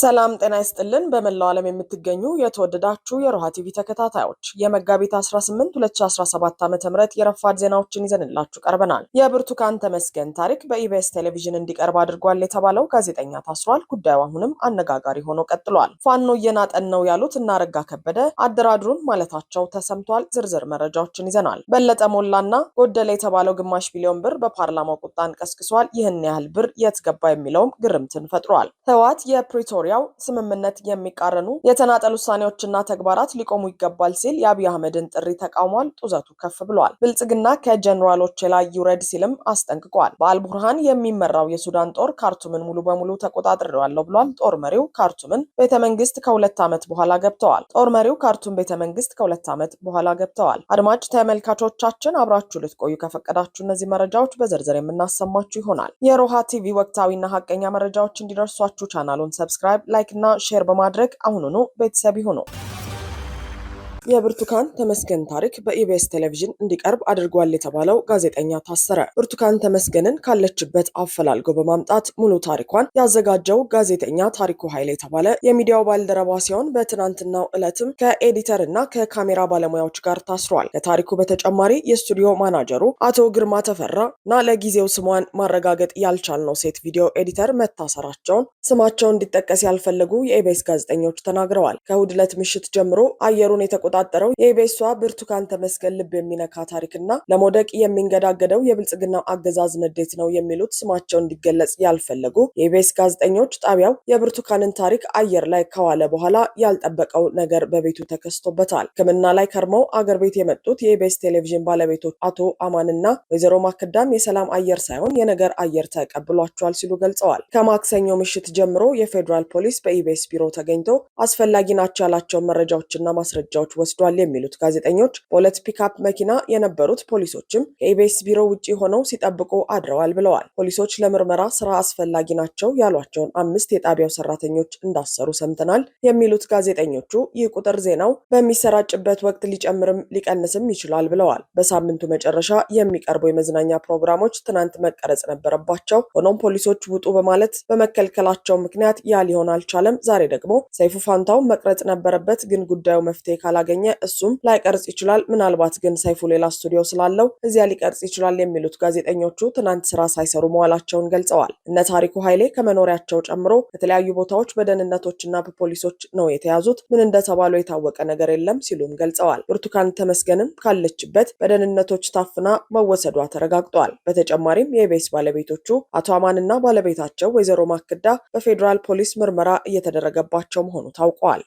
ሰላም ጤና ይስጥልን። በመላው ዓለም የምትገኙ የተወደዳችሁ የሮሃ ቲቪ ተከታታዮች የመጋቢት 18 2017 ዓ ም የረፋድ ዜናዎችን ይዘንላችሁ ቀርበናል። የብርቱካን ተመስገን ታሪክ በኢቢኤስ ቴሌቪዥን እንዲቀርብ አድርጓል የተባለው ጋዜጠኛ ታስሯል። ጉዳዩ አሁንም አነጋጋሪ ሆኖ ቀጥሏል። ፋኖ እየናጠን ነው ያሉት እናረጋ ከበደ አደራድሩን ማለታቸው ተሰምቷል። ዝርዝር መረጃዎችን ይዘናል። በለጠ ሞላና ጎደለ የተባለው ግማሽ ቢሊዮን ብር በፓርላማው ቁጣን ቀስቅሷል። ይህን ያህል ብር የት ገባ የሚለውም ግርምትን ፈጥሯል። ህወሓት የፕሪቶሪ መኖሪያው ስምምነት የሚቃረኑ የተናጠል ውሳኔዎችና ተግባራት ሊቆሙ ይገባል ሲል የአብይ አህመድን ጥሪ ተቃውሟል። ጡዘቱ ከፍ ብሏል። ብልጽግና ከጀኔራሎች ላይ ይውረድ ሲልም አስጠንቅቋል። በአልቡርሃን የሚመራው የሱዳን ጦር ካርቱምን ሙሉ በሙሉ ተቆጣጥሬዋለሁ ብሏል። ጦር መሪው ካርቱምን ቤተ መንግስት ከሁለት ዓመት በኋላ ገብተዋል። ጦር መሪው ካርቱም ቤተ መንግስት ከሁለት ዓመት በኋላ ገብተዋል። አድማጭ ተመልካቾቻችን አብራችሁ ልትቆዩ ከፈቀዳችሁ እነዚህ መረጃዎች በዝርዝር የምናሰማችሁ ይሆናል። የሮሃ ቲቪ ወቅታዊና ሀቀኛ መረጃዎች እንዲደርሷችሁ ቻናሉን ሰብስክራይብ ሰብስክራይብ፣ ላይክ እና ሼር በማድረግ አሁኑኑ ቤተሰብ ይሁኑ። የብርቱካን ተመስገን ታሪክ በኢቢኤስ ቴሌቪዥን እንዲቀርብ አድርጓል የተባለው ጋዜጠኛ ታሰረ። ብርቱካን ተመስገንን ካለችበት አፈላልጎ በማምጣት ሙሉ ታሪኳን ያዘጋጀው ጋዜጠኛ ታሪኩ ኃይል የተባለ የሚዲያው ባልደረባ ሲሆን በትናንትናው ዕለትም ከኤዲተር እና ከካሜራ ባለሙያዎች ጋር ታስሯል። ከታሪኩ በተጨማሪ የስቱዲዮ ማናጀሩ አቶ ግርማ ተፈራ እና ለጊዜው ስሟን ማረጋገጥ ያልቻልነው ሴት ቪዲዮ ኤዲተር መታሰራቸውን ስማቸው እንዲጠቀስ ያልፈለጉ የኢቢኤስ ጋዜጠኞች ተናግረዋል። ከእሁድ ዕለት ምሽት ጀምሮ አየሩን የተቆጣ የተቆጣጠረው የኢቤሷ ብርቱካን ተመስገን ልብ የሚነካ ታሪክና ለመውደቅ የሚንገዳገደው የብልጽግናው አገዛዝ ንዴት ነው የሚሉት ስማቸው እንዲገለጽ ያልፈለጉ የኢቤስ ጋዜጠኞች ጣቢያው የብርቱካንን ታሪክ አየር ላይ ከዋለ በኋላ ያልጠበቀው ነገር በቤቱ ተከስቶበታል። ሕክምና ላይ ከርመው አገር ቤት የመጡት የኢቤስ ቴሌቪዥን ባለቤቶች አቶ አማንና ወይዘሮ ማክዳም የሰላም አየር ሳይሆን የነገር አየር ተቀብሏቸዋል ሲሉ ገልጸዋል። ከማክሰኞ ምሽት ጀምሮ የፌዴራል ፖሊስ በኢቤስ ቢሮ ተገኝቶ አስፈላጊ ናቸው ያላቸውን መረጃዎችና ማስረጃዎች ወስዷል የሚሉት ጋዜጠኞች በሁለት ፒክአፕ መኪና የነበሩት ፖሊሶችም ከኢቢኤስ ቢሮ ውጭ ሆነው ሲጠብቁ አድረዋል ብለዋል። ፖሊሶች ለምርመራ ስራ አስፈላጊ ናቸው ያሏቸውን አምስት የጣቢያው ሰራተኞች እንዳሰሩ ሰምተናል የሚሉት ጋዜጠኞቹ ይህ ቁጥር ዜናው በሚሰራጭበት ወቅት ሊጨምርም ሊቀንስም ይችላል ብለዋል። በሳምንቱ መጨረሻ የሚቀርቡ የመዝናኛ ፕሮግራሞች ትናንት መቀረጽ ነበረባቸው። ሆኖም ፖሊሶች ውጡ በማለት በመከልከላቸው ምክንያት ያ ሊሆን አልቻለም። ዛሬ ደግሞ ሰይፉ ፋንታው መቅረጽ ነበረበት፣ ግን ጉዳዩ መፍትሄ ካላገ ካገኘ እሱም ላይቀርጽ ይችላል። ምናልባት ግን ሰይፉ ሌላ ስቱዲዮ ስላለው እዚያ ሊቀርጽ ይችላል የሚሉት ጋዜጠኞቹ ትናንት ስራ ሳይሰሩ መዋላቸውን ገልጸዋል። እነ ታሪኩ ኃይሌ ከመኖሪያቸው ጨምሮ በተለያዩ ቦታዎች በደህንነቶችና በፖሊሶች ነው የተያዙት። ምን እንደተባሉ የታወቀ ነገር የለም ሲሉም ገልጸዋል። ብርቱካን ተመስገንም ካለችበት በደህንነቶች ታፍና መወሰዷ ተረጋግጧል። በተጨማሪም የቤስ ባለቤቶቹ አቶ አማንና ባለቤታቸው ወይዘሮ ማክዳ በፌዴራል ፖሊስ ምርመራ እየተደረገባቸው መሆኑ ታውቋል።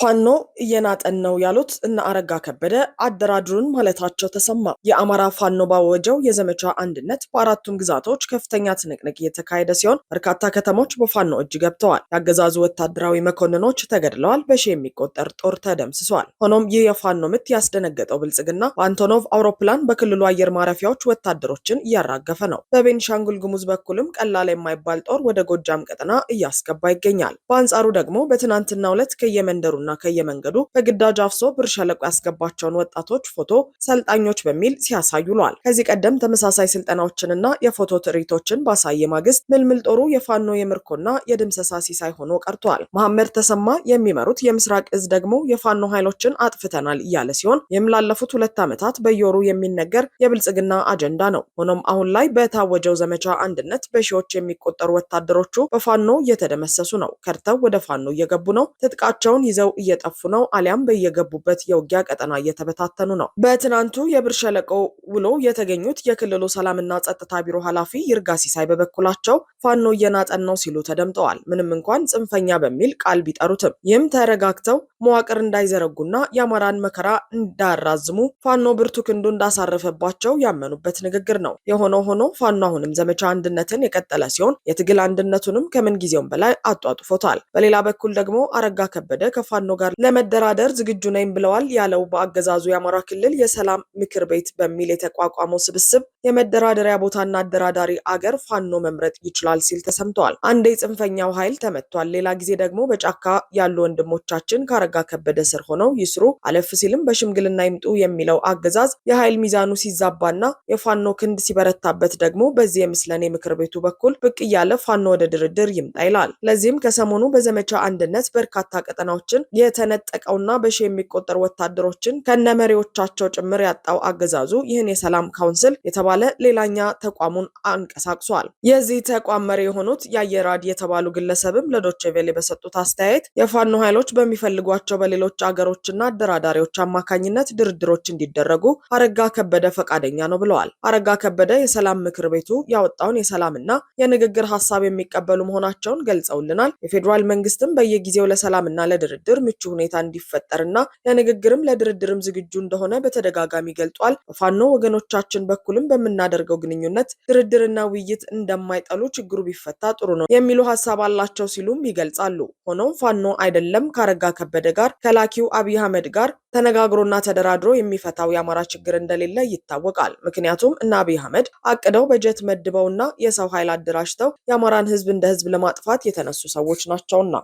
ፋኖ እየናጠን ነው ያሉት እነ አረጋ ከበደ አደራድሩን ማለታቸው ተሰማ። የአማራ ፋኖ ባወጀው የዘመቻ አንድነት በአራቱም ግዛቶች ከፍተኛ ትንቅንቅ እየተካሄደ ሲሆን በርካታ ከተሞች በፋኖ እጅ ገብተዋል። የአገዛዙ ወታደራዊ መኮንኖች ተገድለዋል፣ በሺ የሚቆጠር ጦር ተደምስሷል። ሆኖም ይህ የፋኖ ምት ያስደነገጠው ብልጽግና በአንቶኖቭ አውሮፕላን በክልሉ አየር ማረፊያዎች ወታደሮችን እያራገፈ ነው። በቤንሻንጉል ጉሙዝ በኩልም ቀላል የማይባል ጦር ወደ ጎጃም ቀጠና እያስገባ ይገኛል። በአንጻሩ ደግሞ በትናንትናው ዕለት ከየመንደሩና ከየቤቱና ከየመንገዱ በግዳጅ አፍሶ ብር ሸለቆ ያስገባቸውን ወጣቶች ፎቶ ሰልጣኞች በሚል ሲያሳዩ ውሏል። ከዚህ ቀደም ተመሳሳይ ስልጠናዎችንና የፎቶ ትርኢቶችን ባሳየ ማግስት ምልምል ጦሩ የፋኖ የምርኮና የድምሰሳ ሲሳይ ሆኖ ቀርቷል። መሐመድ ተሰማ የሚመሩት የምስራቅ እዝ ደግሞ የፋኖ ኃይሎችን አጥፍተናል እያለ ሲሆን ይህም ላለፉት ሁለት ዓመታት በየወሩ የሚነገር የብልጽግና አጀንዳ ነው። ሆኖም አሁን ላይ በታወጀው ዘመቻ አንድነት በሺዎች የሚቆጠሩ ወታደሮቹ በፋኖ እየተደመሰሱ ነው። ከድተው ወደ ፋኖ እየገቡ ነው። ትጥቃቸውን ይዘው እየጠፉ ነው፣ አሊያም በየገቡበት የውጊያ ቀጠና እየተበታተኑ ነው። በትናንቱ የብር ሸለቆ ውሎ የተገኙት የክልሉ ሰላምና ጸጥታ ቢሮ ኃላፊ ይርጋ ሲሳይ በበኩላቸው ፋኖ እየናጠን ነው ሲሉ ተደምጠዋል። ምንም እንኳን ጽንፈኛ በሚል ቃል ቢጠሩትም ይህም ተረጋግተው መዋቅር እንዳይዘረጉና የአማራን መከራ እንዳያራዝሙ ፋኖ ብርቱ ክንዱ እንዳሳረፈባቸው ያመኑበት ንግግር ነው። የሆነ ሆኖ ፋኖ አሁንም ዘመቻ አንድነትን የቀጠለ ሲሆን የትግል አንድነቱንም ከምን ጊዜውም በላይ አጧጡፎታል። በሌላ በኩል ደግሞ አረጋ ከበደ ከፋኖ ፋኖ ጋር ለመደራደር ዝግጁ ነኝ ብለዋል ያለው በአገዛዙ የአማራ ክልል የሰላም ምክር ቤት በሚል የተቋቋመው ስብስብ የመደራደሪያ ቦታና አደራዳሪ አገር ፋኖ መምረጥ ይችላል ሲል ተሰምተዋል። አንዴ ጽንፈኛው ኃይል ተመቷል፣ ሌላ ጊዜ ደግሞ በጫካ ያሉ ወንድሞቻችን ካረጋ ከበደ ስር ሆነው ይስሩ፣ አለፍ ሲልም በሽምግልና ይምጡ የሚለው አገዛዝ የኃይል ሚዛኑ ሲዛባና የፋኖ ክንድ ሲበረታበት ደግሞ በዚህ የምስለኔ ምክር ቤቱ በኩል ብቅ እያለ ፋኖ ወደ ድርድር ይምጣ ይላል። ለዚህም ከሰሞኑ በዘመቻ አንድነት በርካታ ቀጠናዎችን የተነጠቀውና በሺ የሚቆጠር ወታደሮችን ከነመሪዎቻቸው ጭምር ያጣው አገዛዙ ይህን የሰላም ካውንስል የተባለ ሌላኛ ተቋሙን አንቀሳቅሷል። የዚህ ተቋም መሪ የሆኑት የአየራድ የተባሉ ግለሰብም ለዶቼ ቬሌ በሰጡት አስተያየት የፋኖ ኃይሎች በሚፈልጓቸው በሌሎች አገሮችና አደራዳሪዎች አማካኝነት ድርድሮች እንዲደረጉ አረጋ ከበደ ፈቃደኛ ነው ብለዋል። አረጋ ከበደ የሰላም ምክር ቤቱ ያወጣውን የሰላምና የንግግር ሀሳብ የሚቀበሉ መሆናቸውን ገልጸውልናል። የፌዴራል መንግስትም በየጊዜው ለሰላምና ለድርድር ምቹ ሁኔታ እንዲፈጠር እና ለንግግርም ለድርድርም ዝግጁ እንደሆነ በተደጋጋሚ ገልጧል። በፋኖ ወገኖቻችን በኩልም በምናደርገው ግንኙነት ድርድርና ውይይት እንደማይጠሉ ችግሩ ቢፈታ ጥሩ ነው የሚሉ ሀሳብ አላቸው ሲሉም ይገልጻሉ። ሆኖም ፋኖ አይደለም ከአረጋ ከበደ ጋር ከላኪው አብይ አህመድ ጋር ተነጋግሮና ተደራድሮ የሚፈታው የአማራ ችግር እንደሌለ ይታወቃል። ምክንያቱም እነ አብይ አህመድ አቅደው በጀት መድበውና የሰው ኃይል አደራጅተው የአማራን ህዝብ እንደ ህዝብ ለማጥፋት የተነሱ ሰዎች ናቸውና።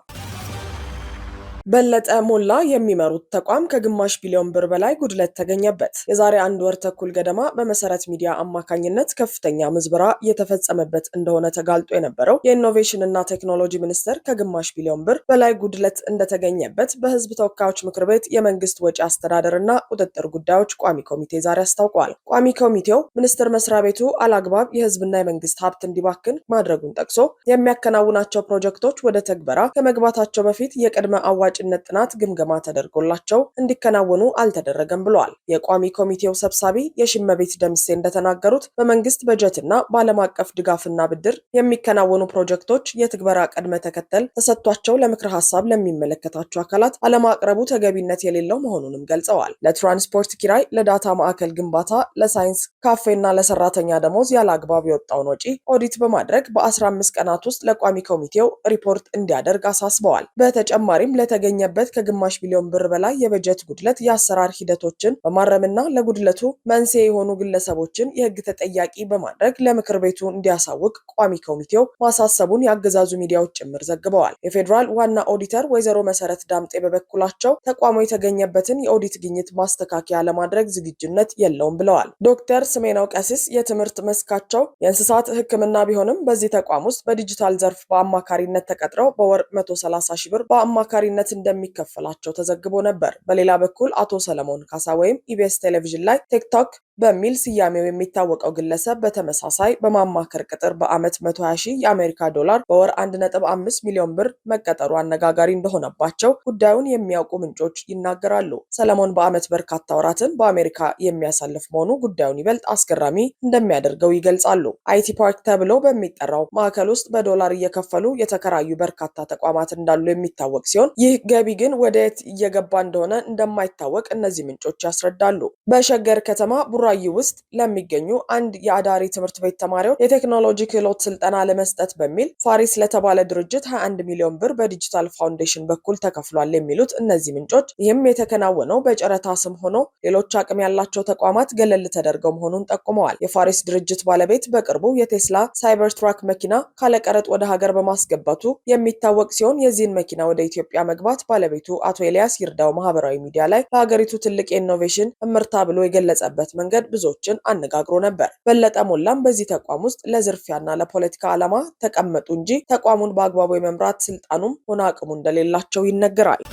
በለጠ ሞላ የሚመሩት ተቋም ከግማሽ ቢሊዮን ብር በላይ ጉድለት ተገኘበት። የዛሬ አንድ ወር ተኩል ገደማ በመሰረት ሚዲያ አማካኝነት ከፍተኛ ምዝበራ የተፈጸመበት እንደሆነ ተጋልጦ የነበረው የኢኖቬሽን እና ቴክኖሎጂ ሚኒስቴር ከግማሽ ቢሊዮን ብር በላይ ጉድለት እንደተገኘበት በህዝብ ተወካዮች ምክር ቤት የመንግስት ወጪ አስተዳደር እና ቁጥጥር ጉዳዮች ቋሚ ኮሚቴ ዛሬ አስታውቋል። ቋሚ ኮሚቴው ሚኒስቴር መስሪያ ቤቱ አላግባብ የሕዝብና የመንግስት ሀብት እንዲባክን ማድረጉን ጠቅሶ የሚያከናውናቸው ፕሮጀክቶች ወደ ተግበራ ከመግባታቸው በፊት የቅድመ አዋጭ የአዋጭነት ጥናት ግምገማ ተደርጎላቸው እንዲከናወኑ አልተደረገም ብለዋል። የቋሚ ኮሚቴው ሰብሳቢ የሽመቤት ደምሴ እንደተናገሩት በመንግስት በጀትና በዓለም አቀፍ ድጋፍና ብድር የሚከናወኑ ፕሮጀክቶች የትግበራ ቅድመ ተከተል ተሰጥቷቸው ለምክረ ሀሳብ ለሚመለከታቸው አካላት አለማቅረቡ ተገቢነት የሌለው መሆኑንም ገልጸዋል። ለትራንስፖርት ኪራይ፣ ለዳታ ማዕከል ግንባታ፣ ለሳይንስ ካፌና ለሰራተኛ ደሞዝ ያለ አግባብ የወጣውን ወጪ ኦዲት በማድረግ በ15 ቀናት ውስጥ ለቋሚ ኮሚቴው ሪፖርት እንዲያደርግ አሳስበዋል። በተጨማሪም ለተገ ከተገኘበት ከግማሽ ቢሊዮን ብር በላይ የበጀት ጉድለት የአሰራር ሂደቶችን በማረምና ለጉድለቱ መንስኤ የሆኑ ግለሰቦችን የህግ ተጠያቂ በማድረግ ለምክር ቤቱ እንዲያሳውቅ ቋሚ ኮሚቴው ማሳሰቡን የአገዛዙ ሚዲያዎች ጭምር ዘግበዋል። የፌዴራል ዋና ኦዲተር ወይዘሮ መሰረት ዳምጤ በበኩላቸው ተቋሙ የተገኘበትን የኦዲት ግኝት ማስተካከያ ለማድረግ ዝግጁነት የለውም ብለዋል። ዶክተር ስሜነው ቀሲስ የትምህርት መስካቸው የእንስሳት ሕክምና ቢሆንም በዚህ ተቋም ውስጥ በዲጂታል ዘርፍ በአማካሪነት ተቀጥረው በወር 130 ሺ ብር በአማካሪነት እንደሚከፈላቸው ተዘግቦ ነበር። በሌላ በኩል አቶ ሰለሞን ካሳ ወይም ኢቢኤስ ቴሌቪዥን ላይ ቲክቶክ በሚል ስያሜው የሚታወቀው ግለሰብ በተመሳሳይ በማማከር ቅጥር በዓመት 120 ሺህ የአሜሪካ ዶላር በወር 1.5 ሚሊዮን ብር መቀጠሩ አነጋጋሪ እንደሆነባቸው ጉዳዩን የሚያውቁ ምንጮች ይናገራሉ። ሰለሞን በዓመት በርካታ ወራትን በአሜሪካ የሚያሳልፍ መሆኑ ጉዳዩን ይበልጥ አስገራሚ እንደሚያደርገው ይገልጻሉ። አይቲ ፓርክ ተብሎ በሚጠራው ማዕከል ውስጥ በዶላር እየከፈሉ የተከራዩ በርካታ ተቋማት እንዳሉ የሚታወቅ ሲሆን ይህ ገቢ ግን ወደየት እየገባ እንደሆነ እንደማይታወቅ እነዚህ ምንጮች ያስረዳሉ። በሸገር ከተማ ቡራ ቡራዩ ውስጥ ለሚገኙ አንድ የአዳሪ ትምህርት ቤት ተማሪዎች የቴክኖሎጂ ክህሎት ስልጠና ለመስጠት በሚል ፋሪስ ለተባለ ድርጅት 21 ሚሊዮን ብር በዲጂታል ፋውንዴሽን በኩል ተከፍሏል የሚሉት እነዚህ ምንጮች ይህም የተከናወነው በጨረታ ስም ሆኖ ሌሎች አቅም ያላቸው ተቋማት ገለል ተደርገው መሆኑን ጠቁመዋል። የፋሪስ ድርጅት ባለቤት በቅርቡ የቴስላ ሳይበር ትራክ መኪና ካለቀረጥ ወደ ሀገር በማስገባቱ የሚታወቅ ሲሆን የዚህን መኪና ወደ ኢትዮጵያ መግባት ባለቤቱ አቶ ኤልያስ ይርዳው ማህበራዊ ሚዲያ ላይ በሀገሪቱ ትልቅ የኢኖቬሽን እምርታ ብሎ የገለጸበት መንገድ መንገድ ብዙዎችን አነጋግሮ ነበር። በለጠ ሞላም በዚህ ተቋም ውስጥ ለዝርፊያና ለፖለቲካ ዓላማ ተቀመጡ እንጂ ተቋሙን በአግባቡ የመምራት ስልጣኑም ሆነ አቅሙ እንደሌላቸው ይነገራል።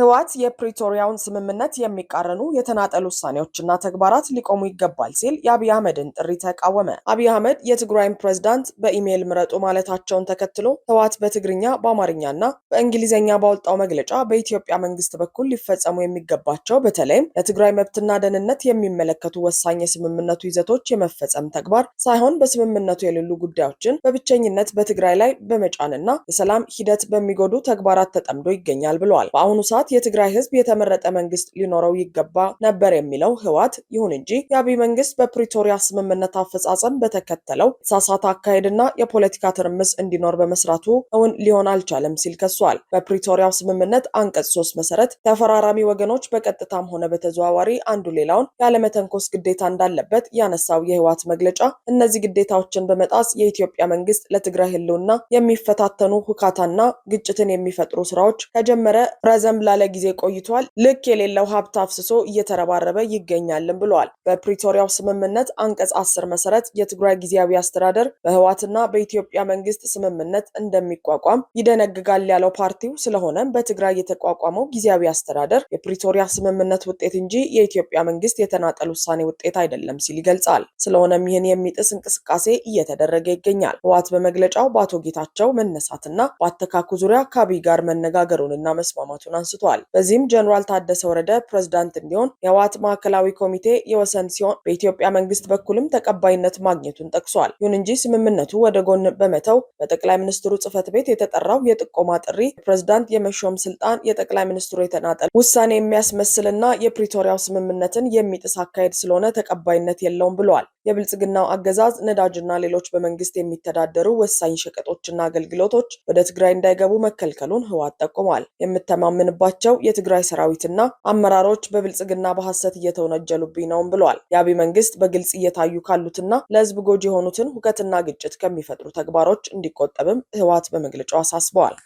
ህወሓት የፕሪቶሪያውን ስምምነት የሚቃረኑ የተናጠል ውሳኔዎችና ተግባራት ሊቆሙ ይገባል ሲል የአብይ አህመድን ጥሪ ተቃወመ። አብይ አህመድ የትግራይን ፕሬዝዳንት በኢሜይል ምረጡ ማለታቸውን ተከትሎ ህወሓት በትግርኛ በአማርኛና በእንግሊዝኛ ባወጣው መግለጫ በኢትዮጵያ መንግስት በኩል ሊፈጸሙ የሚገባቸው በተለይም ለትግራይ መብትና ደህንነት የሚመለከቱ ወሳኝ የስምምነቱ ይዘቶች የመፈጸም ተግባር ሳይሆን በስምምነቱ የሌሉ ጉዳዮችን በብቸኝነት በትግራይ ላይ በመጫንና የሰላም ሂደት በሚጎዱ ተግባራት ተጠምዶ ይገኛል ብለዋል። በአሁኑ ሰዓት የትግራይ ህዝብ የተመረጠ መንግስት ሊኖረው ይገባ ነበር የሚለው ህወሓት፣ ይሁን እንጂ የአብይ መንግስት በፕሪቶሪያ ስምምነት አፈጻጸም በተከተለው ሳሳት አካሄድና የፖለቲካ ትርምስ እንዲኖር በመስራቱ እውን ሊሆን አልቻለም ሲል ከሷል። በፕሪቶሪያው ስምምነት አንቀጽ ሶስት መሰረት ተፈራራሚ ወገኖች በቀጥታም ሆነ በተዘዋዋሪ አንዱ ሌላውን ያለመተንኮስ ግዴታ እንዳለበት ያነሳው የህወሓት መግለጫ እነዚህ ግዴታዎችን በመጣስ የኢትዮጵያ መንግስት ለትግራይ ህልውና የሚፈታተኑ ሁካታና ግጭትን የሚፈጥሩ ስራዎች ከጀመረ ረዘም ላ ላለ ጊዜ ቆይቷል። ልክ የሌለው ሀብት አፍስሶ እየተረባረበ ይገኛልን ብለዋል። በፕሪቶሪያው ስምምነት አንቀጽ አስር መሰረት የትግራይ ጊዜያዊ አስተዳደር በህዋትና በኢትዮጵያ መንግስት ስምምነት እንደሚቋቋም ይደነግጋል ያለው ፓርቲው፣ ስለሆነም በትግራይ የተቋቋመው ጊዜያዊ አስተዳደር የፕሪቶሪያ ስምምነት ውጤት እንጂ የኢትዮጵያ መንግስት የተናጠል ውሳኔ ውጤት አይደለም ሲል ይገልጻል። ስለሆነም ይህን የሚጥስ እንቅስቃሴ እየተደረገ ይገኛል። ህዋት በመግለጫው በአቶ ጌታቸው መነሳትና በአተካኩ ዙሪያ ከአብይ ጋር መነጋገሩንና መስማማቱን አንስቶ ተችቷል። በዚህም ጀኔራል ታደሰ ወረደ ፕሬዝዳንት እንዲሆን የህወሓት ማዕከላዊ ኮሚቴ የወሰን ሲሆን በኢትዮጵያ መንግስት በኩልም ተቀባይነት ማግኘቱን ጠቅሷል። ይሁን እንጂ ስምምነቱ ወደ ጎን በመተው በጠቅላይ ሚኒስትሩ ጽህፈት ቤት የተጠራው የጥቆማ ጥሪ የፕሬዝዳንት የመሾም ስልጣን የጠቅላይ ሚኒስትሩ የተናጠል ውሳኔ የሚያስመስልና የፕሪቶሪያው ስምምነትን የሚጥስ አካሄድ ስለሆነ ተቀባይነት የለውም ብለዋል። የብልጽግናው አገዛዝ ነዳጅና ሌሎች በመንግስት የሚተዳደሩ ወሳኝ ሸቀጦችና አገልግሎቶች ወደ ትግራይ እንዳይገቡ መከልከሉን ህወሓት ጠቁሟል። የምተማምንባቸው የትግራይ ሰራዊትና አመራሮች በብልጽግና በሐሰት እየተወነጀሉብኝ ነውም ብለዋል። የአብይ መንግስት በግልጽ እየታዩ ካሉትና ለህዝብ ጎጂ የሆኑትን ሁከትና ግጭት ከሚፈጥሩ ተግባሮች እንዲቆጠብም ህወሓት በመግለጫው አሳስበዋል።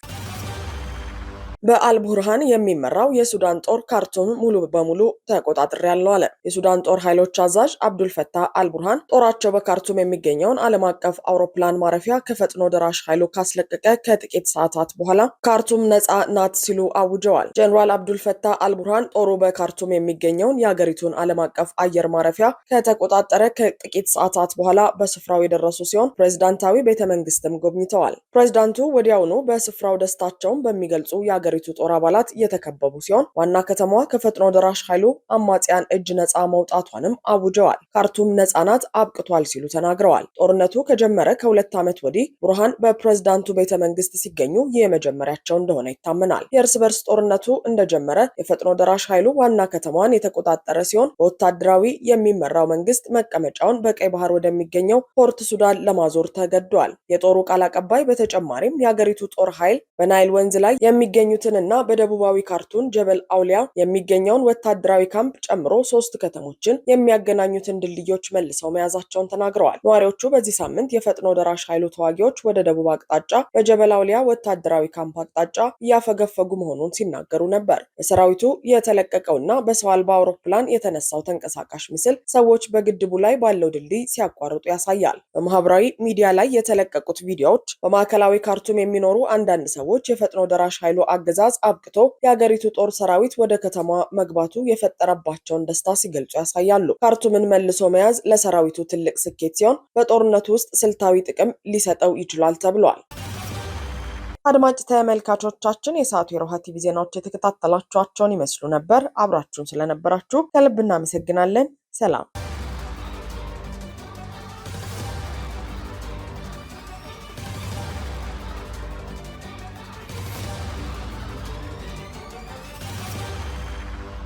በአልቡርሃን የሚመራው የሱዳን ጦር ካርቱም ሙሉ በሙሉ ተቆጣጥሬ ያለው አለ። የሱዳን ጦር ኃይሎች አዛዥ አብዱልፈታህ አልቡርሃን ጦራቸው በካርቱም የሚገኘውን ዓለም አቀፍ አውሮፕላን ማረፊያ ከፈጥኖ ደራሽ ኃይሉ ካስለቀቀ ከጥቂት ሰዓታት በኋላ ካርቱም ነፃ ናት ሲሉ አውጀዋል። ጀኔራል አብዱልፈታህ አልቡርሃን ጦሩ በካርቱም የሚገኘውን የአገሪቱን ዓለም አቀፍ አየር ማረፊያ ከተቆጣጠረ ከጥቂት ሰዓታት በኋላ በስፍራው የደረሱ ሲሆን ፕሬዚዳንታዊ ቤተ መንግስትም ጎብኝተዋል። ፕሬዚዳንቱ ወዲያውኑ በስፍራው ደስታቸውን በሚገልጹ የአገሪ የሀገሪቱ ጦር አባላት እየተከበቡ ሲሆን ዋና ከተማዋ ከፈጥኖ ደራሽ ኃይሉ አማጽያን እጅ ነፃ መውጣቷንም አውጀዋል። ካርቱም ነፃናት አብቅቷል ሲሉ ተናግረዋል። ጦርነቱ ከጀመረ ከሁለት ዓመት ወዲህ ቡርሃን በፕሬዝዳንቱ ቤተ መንግስት ሲገኙ ይህ የመጀመሪያቸው እንደሆነ ይታመናል። የእርስ በርስ ጦርነቱ እንደጀመረ የፈጥኖ ደራሽ ኃይሉ ዋና ከተማዋን የተቆጣጠረ ሲሆን በወታደራዊ የሚመራው መንግስት መቀመጫውን በቀይ ባህር ወደሚገኘው ፖርት ሱዳን ለማዞር ተገዷል። የጦሩ ቃል አቀባይ በተጨማሪም የአገሪቱ ጦር ኃይል በናይል ወንዝ ላይ የሚገኙ እና በደቡባዊ ካርቱን ጀበል አውሊያ የሚገኘውን ወታደራዊ ካምፕ ጨምሮ ሶስት ከተሞችን የሚያገናኙትን ድልድዮች መልሰው መያዛቸውን ተናግረዋል። ነዋሪዎቹ በዚህ ሳምንት የፈጥኖ ደራሽ ኃይሉ ተዋጊዎች ወደ ደቡብ አቅጣጫ በጀበል አውሊያ ወታደራዊ ካምፕ አቅጣጫ እያፈገፈጉ መሆኑን ሲናገሩ ነበር። በሰራዊቱ የተለቀቀውና በሰው አልባ አውሮፕላን የተነሳው ተንቀሳቃሽ ምስል ሰዎች በግድቡ ላይ ባለው ድልድይ ሲያቋርጡ ያሳያል። በማህበራዊ ሚዲያ ላይ የተለቀቁት ቪዲዮዎች በማዕከላዊ ካርቱም የሚኖሩ አንዳንድ ሰዎች የፈጥኖ ደራሽ ኃይሉ አ አገዛዝ አብቅቶ የአገሪቱ ጦር ሰራዊት ወደ ከተማ መግባቱ የፈጠረባቸውን ደስታ ሲገልጹ ያሳያሉ። ካርቱምን መልሶ መያዝ ለሰራዊቱ ትልቅ ስኬት ሲሆን በጦርነቱ ውስጥ ስልታዊ ጥቅም ሊሰጠው ይችላል ተብሏል። አድማጭ ተመልካቾቻችን የሰዓቱ የሮሃ ቲቪ ዜናዎች የተከታተላችኋቸውን ይመስሉ ነበር። አብራችሁን ስለነበራችሁ ከልብ እናመሰግናለን። ሰላም